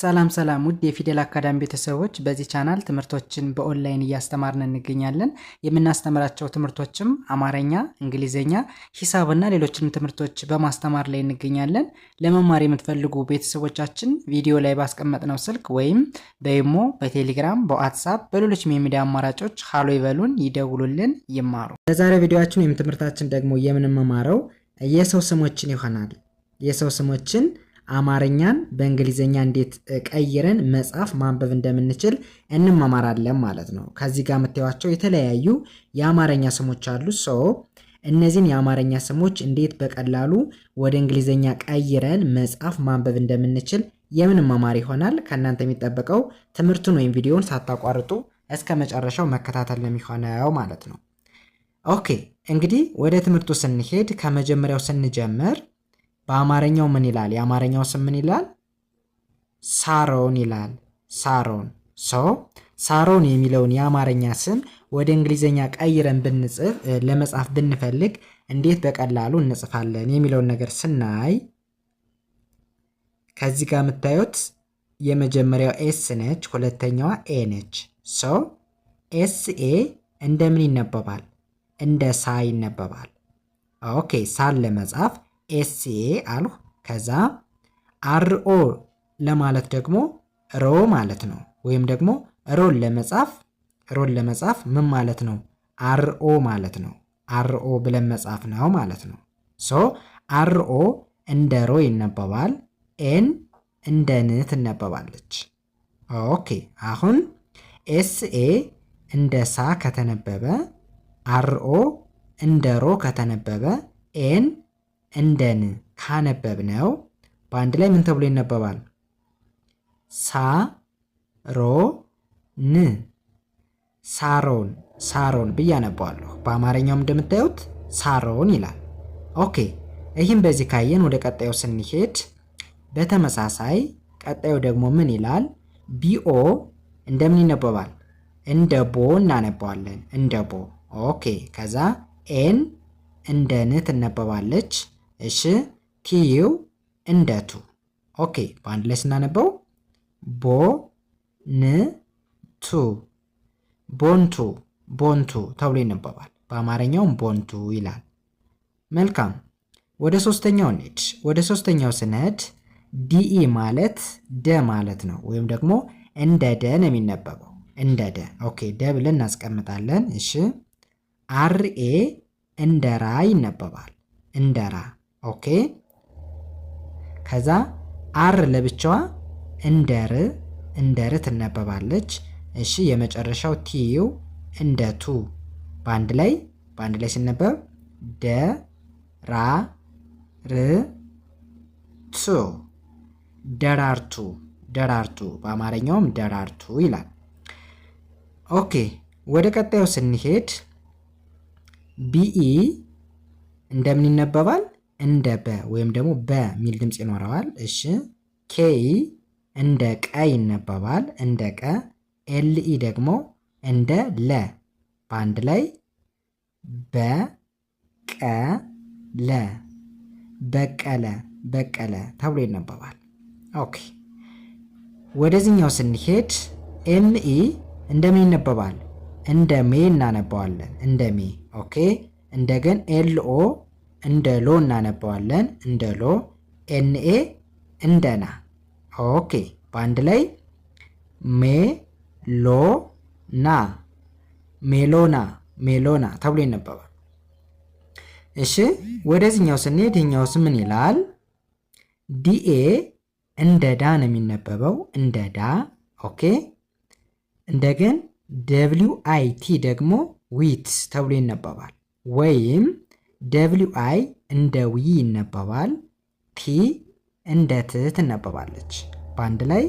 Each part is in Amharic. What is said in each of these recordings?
ሰላም ሰላም ውድ የፊደል አካዳሚ ቤተሰቦች፣ በዚህ ቻናል ትምህርቶችን በኦንላይን እያስተማርን እንገኛለን። የምናስተምራቸው ትምህርቶችም አማረኛ እንግሊዝኛ፣ ሂሳብና ሌሎችንም ትምህርቶች በማስተማር ላይ እንገኛለን። ለመማር የምትፈልጉ ቤተሰቦቻችን ቪዲዮ ላይ ባስቀመጥነው ስልክ ወይም በይሞ በቴሌግራም በዋትሳፕ በሌሎችም የሚዲያ አማራጮች ሀሎ ይበሉን፣ ይደውሉልን፣ ይማሩ። ለዛሬ ቪዲዮችን ወይም ትምህርታችን ደግሞ የምንመማረው የሰው ስሞችን ይሆናል። የሰው ስሞችን አማርኛን በእንግሊዝኛ እንዴት ቀይረን መጻፍ ማንበብ እንደምንችል እንማማራለን ማለት ነው። ከዚህ ጋር የምታዩቸው የተለያዩ የአማርኛ ስሞች አሉ። ሶ እነዚህን የአማርኛ ስሞች እንዴት በቀላሉ ወደ እንግሊዝኛ ቀይረን መጻፍ ማንበብ እንደምንችል የምንማማር ይሆናል። ከእናንተ የሚጠበቀው ትምህርቱን ወይም ቪዲዮን ሳታቋርጡ እስከ መጨረሻው መከታተል ለሚሆነው ማለት ነው። ኦኬ እንግዲህ ወደ ትምህርቱ ስንሄድ ከመጀመሪያው ስንጀምር በአማርኛው ምን ይላል? የአማርኛው ስም ምን ይላል? ሳሮን ይላል። ሳሮን ሰው ሳሮን የሚለውን የአማርኛ ስም ወደ እንግሊዝኛ ቀይረን ብንጽፍ ለመጻፍ ብንፈልግ እንዴት በቀላሉ እንጽፋለን የሚለውን ነገር ስናይ ከዚህ ጋር የምታዩት የመጀመሪያው ኤስ ነች፣ ሁለተኛዋ ኤ ነች። ሶ ኤስ ኤ እንደምን ይነበባል? እንደ ሳ ይነበባል። ኦኬ ሳን ለመጻፍ ኤስኤ አልሁ። ከዛ አርኦ ለማለት ደግሞ ሮ ማለት ነው። ወይም ደግሞ ሮን ለመጻፍ ሮን ለመጻፍ ምን ማለት ነው? አርኦ ማለት ነው። አርኦ ብለን መጻፍ ነው ማለት ነው። ሶ አርኦ እንደ ሮ ይነበባል። ኤን እንደ ን ትነበባለች። ኦኬ አሁን ኤስኤ እንደ ሳ ከተነበበ አርኦ እንደ ሮ ከተነበበ ኤን እንደን ካነበብ ነው በአንድ ላይ ምን ተብሎ ይነበባል? ን ሳሮን ሳሮን ብዬ አነባዋለሁ። በአማርኛውም እንደምታዩት ሳሮን ይላል። ኦኬ ይህም በዚህ ካየን ወደ ቀጣዩ ስንሄድ በተመሳሳይ ቀጣዩ ደግሞ ምን ይላል? ቢኦ እንደምን ይነበባል? እንደ ቦ እናነባዋለን። እንደ ቦ ኦኬ። ከዛ ኤን እንደ ን ትነበባለች። እሺ ኪዩ እንደ ቱ። ኦኬ በአንድ ላይ ስናነበው ቦ ን ቱ ቦንቱ ቦንቱ ተብሎ ይነበባል። በአማርኛውም ቦንቱ ይላል። መልካም ወደ ሶስተኛው እንሂድ። ወደ ሶስተኛው ስንሄድ ዲኢ ማለት ደ ማለት ነው፣ ወይም ደግሞ እንደ ደ ነው የሚነበበው። እንደ ደ ኦኬ፣ ደ ብለን እናስቀምጣለን። እሺ አርኤ እንደ ራ ይነበባል። እንደ ራ ኦኬ። ከዛ አር ለብቻዋ እንደር እንደር ትነበባለች። እሺ የመጨረሻው ቲዩ እንደ ቱ በአንድ ላይ በአንድ ላይ ሲነበብ ደ ራ ር ቱ ደራርቱ ደራርቱ በአማርኛውም ደራርቱ ይላል። ኦኬ ወደ ቀጣዩ ስንሄድ ቢኢ እንደምን ይነበባል? እንደ በ ወይም ደግሞ በ የሚል ድምፅ ይኖረዋል። እሺ ኬይ እንደ ቀ ይነበባል። እንደ ቀ ኤልኢ ደግሞ እንደ ለ በአንድ ላይ ለ በቀለ በቀለ ተብሎ ይነበባል። ኦኬ ወደዚህኛው ስንሄድ ኤምኢ እንደሜ ይነበባል። እንደ ሜ እናነባዋለን። እንደ ሜ ኦኬ። እንደገን ኤልኦ እንደ ሎ እናነባዋለን። እንደ ሎ ኤንኤ እንደ ና። ኦኬ በአንድ ላይ ና ሜሎና ሜሎና ተብሎ ይነበባል። እሺ ወደዚህኛው ስንሄድ ይህኛውስ ምን ይላል? ዲኤ እንደ ዳ ነው የሚነበበው እንደ ዳ። ኦኬ እንደገን ደብሊው አይ ቲ ደግሞ ዊት ተብሎ ይነበባል ወይም ደብሊው አይ እንደ ዊ ይነበባል። ቲ እንደ ት ትነበባለች። በአንድ ላይ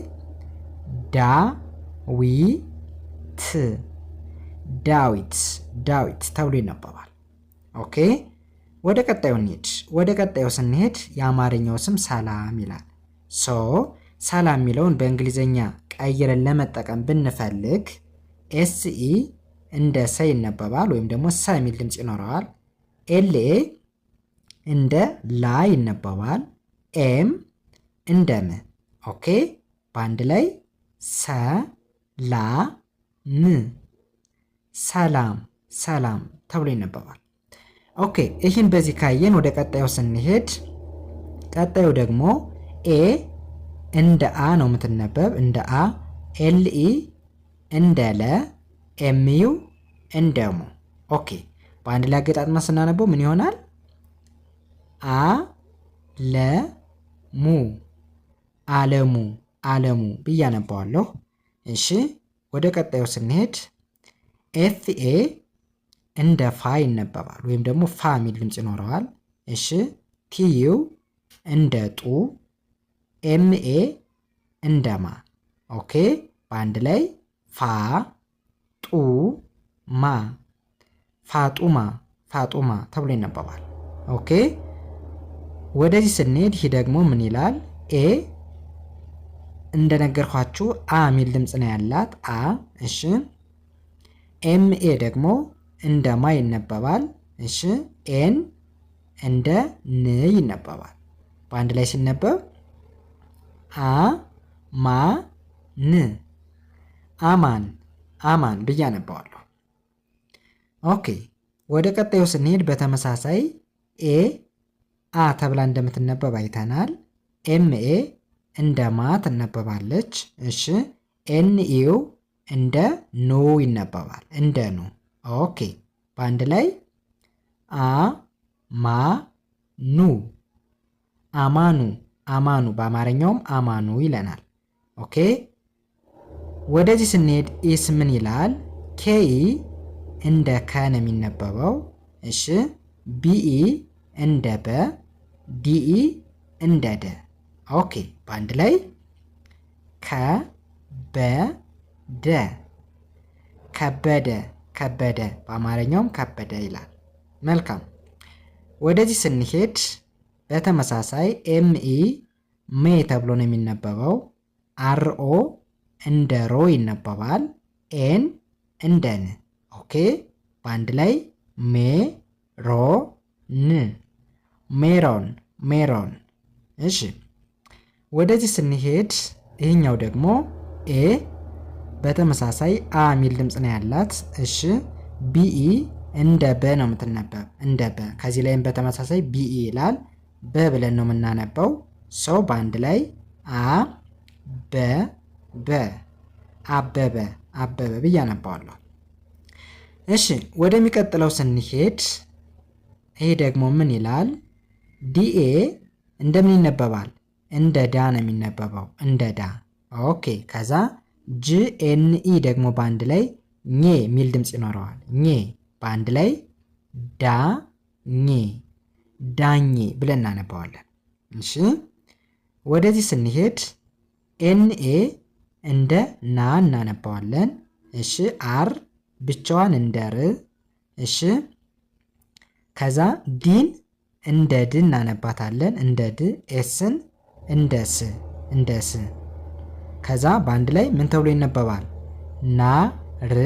ዳ ዊ ት ዳዊት ዳዊት ተብሎ ይነበባል። ኦኬ ወደ ቀጣዩ እንሄድ። ወደ ቀጣዩ ስንሄድ የአማርኛው ስም ሰላም ይላል። ሶ ሰላም የሚለውን በእንግሊዝኛ ቀይረን ለመጠቀም ብንፈልግ ኤስኢ እንደ ሰ ይነበባል፣ ወይም ደግሞ ሰ የሚል ድምፅ ይኖረዋል። ኤልኤ እንደ ላ ይነበባል። ኤም እንደ ም። ኦኬ በአንድ ላይ ሰ ላ ም ሰላም ሰላም ተብሎ ይነበባል። ኦኬ ይህን በዚህ ካየን ወደ ቀጣዩ ስንሄድ ቀጣዩ ደግሞ ኤ እንደ አ ነው የምትነበብ እንደ አ ኤልኢ እንደ ለ ኤምዩ እንደ ሙ ኦኬ በአንድ ላይ አገጣጥማ ስናነበው ምን ይሆናል? አ ለ ሙ አለሙ አለሙ ብዬ አነባዋለሁ። እሺ ወደ ቀጣዩ ስንሄድ ኤፍኤ እንደ ፋ ይነበባል፣ ወይም ደግሞ ፋ የሚል ድምፅ ይኖረዋል። እሺ ቲዩ እንደ ጡ፣ ኤምኤ እንደ ማ። ኦኬ በአንድ ላይ ፋ ጡ ማ ፋጡማ ፋጡማ ተብሎ ይነበባል። ኦኬ ወደዚህ ስንሄድ ይህ ደግሞ ምን ይላል? ኤ እንደነገርኳችሁ አ ሚል ድምፅ ነው ያላት አ። እሺ ኤም ኤ ደግሞ እንደ ማ ይነበባል። እሺ ኤን እንደ ን ይነበባል። በአንድ ላይ ሲነበብ አ ማ ን አማን አማን ብዬ አነባዋለሁ። ኦኬ ወደ ቀጣዩ ስንሄድ በተመሳሳይ ኤ አ ተብላ እንደምትነበብ አይተናል። ኤምኤ እንደ ማ ትነበባለች። እሺ ኤን እንደ ኑ ይነበባል። እንደ ኑ ኦኬ። በአንድ ላይ አ ማ ኑ አማኑ አማኑ በአማርኛውም አማኑ ይለናል። ኦኬ ወደዚህ ስንሄድ ኢስ ምን ይላል? ኬ? እንደ ከ ነው የሚነበበው። እሺ ቢኢ እንደ በ፣ ዲኢ እንደ ደ። ኦኬ በአንድ ላይ ከ በ ደ ከበደ ከበደ በአማርኛውም ከበደ ይላል። መልካም ወደዚህ ስንሄድ በተመሳሳይ ኤምኢ ሜ ተብሎ ነው የሚነበበው። አርኦ እንደ ሮ ይነበባል። ኤን እንደ ን ኦኬ በአንድ ላይ ን ሜሮን ሜሮን። እሺ ወደዚህ ስንሄድ ይህኛው ደግሞ ኤ በተመሳሳይ አ የሚል ድምፅ ነው ያላት። እሺ ቢኢ እንደ በ ነው የምትነበብ እንደ በ። ከዚህ ላይም በተመሳሳይ ቢኢ ይላል። በ ብለን ነው የምናነበው። ሰው በአንድ ላይ አ በ በ አበበ አበበ ብዬ አነባዋለሁ። እሺ ወደሚቀጥለው ስንሄድ ይሄ ደግሞ ምን ይላል? ዲኤ እንደምን ይነበባል? እንደ ዳ ነው የሚነበበው፣ እንደ ዳ። ኦኬ። ከዛ ጂኤንኢ ደግሞ በአንድ ላይ ኜ የሚል ድምፅ ይኖረዋል። ኜ በአንድ ላይ ዳ ኜ ዳኜ ብለን እናነባዋለን። እሺ ወደዚህ ስንሄድ ኤንኤ እንደ ና እናነባዋለን። እሺ አር ብቻዋን እንደ ር እሺ። ከዛ ዲን እንደ ድ እናነባታለን። እንደ ድ ኤስን እንደ ስ እንደ ስ ከዛ በአንድ ላይ ምን ተብሎ ይነበባል? ና ር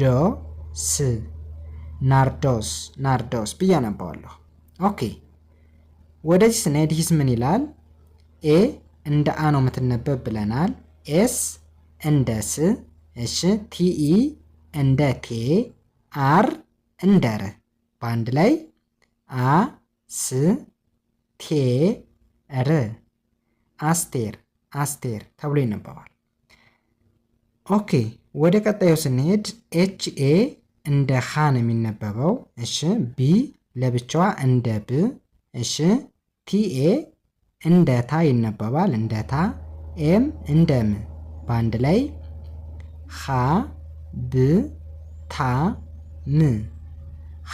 ዶ ስ ናርዶስ ናርዶስ ብዬ አነባዋለሁ። ኦኬ ወደዚህ ስንሄድ ሂስ ምን ይላል? ኤ እንደ አ ነው የምትነበብ ብለናል። ኤስ እንደ ስ እሺ ቲኢ እንደ ቴ አር እንደ ር በአንድ ላይ አ ስ ቴ ር አስቴር አስቴር ተብሎ ይነበባል። ኦኬ ወደ ቀጣዩ ስንሄድ ኤች ኤ እንደ ሃ ነው የሚነበበው። እሺ ቢ ለብቻዋ እንደ ብ። እሺ ቲ ኤ እንደ ታ ይነበባል። እንደ ታ ኤም እንደ ም በአንድ ላይ ሃ ብታም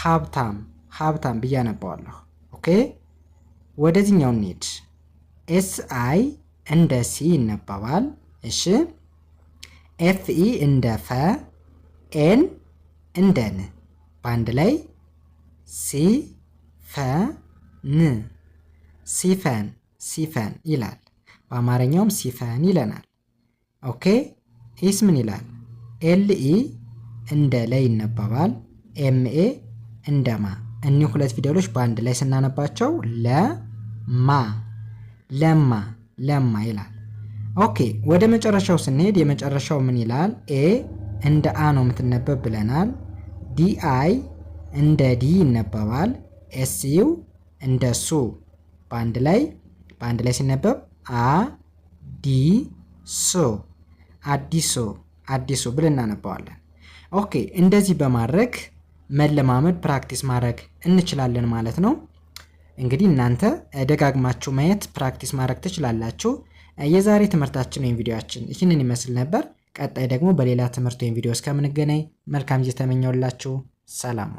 ሀብታም ሀብታም ብዬ አነባዋለሁ። ኦኬ ወደዚህኛው እንሂድ። ኤስ አይ እንደ ሲ ይነበባል። እሺ ኤፍ ኢ እንደ ፈ፣ ኤን እንደ ን በአንድ ላይ ሲ ፈ ን ሲፈን ሲፈን ይላል። በአማርኛውም ሲፈን ይለናል። ኦኬ ይህስ ምን ይላል? ኤልኢ እንደ ላይ ይነበባል። ኤምኤ እንደ ማ። እኒህ ሁለት ፊደሎች በአንድ ላይ ስናነባቸው ለማ ለማ ለማ ይላል። ኦኬ ወደ መጨረሻው ስንሄድ የመጨረሻው ምን ይላል? ኤ እንደ አ ነው የምትነበብ ብለናል። ዲ አይ እንደ ዲ ይነበባል። ኤስ ዩ እንደ ሱ በአንድ ላይ በአንድ ላይ ሲነበብ አ ዲ ሶ አዲሶ አዲሱ ብለን እናነባዋለን። ኦኬ እንደዚህ በማድረግ መለማመድ ፕራክቲስ ማድረግ እንችላለን ማለት ነው። እንግዲህ እናንተ ደጋግማችሁ ማየት ፕራክቲስ ማድረግ ትችላላችሁ። የዛሬ ትምህርታችን ወይም ቪዲዮችን ይህንን ይመስል ነበር። ቀጣይ ደግሞ በሌላ ትምህርት ወይም ቪዲዮ እስከምንገናኝ መልካም ጊዜ ተመኘውላችሁ። ሰላም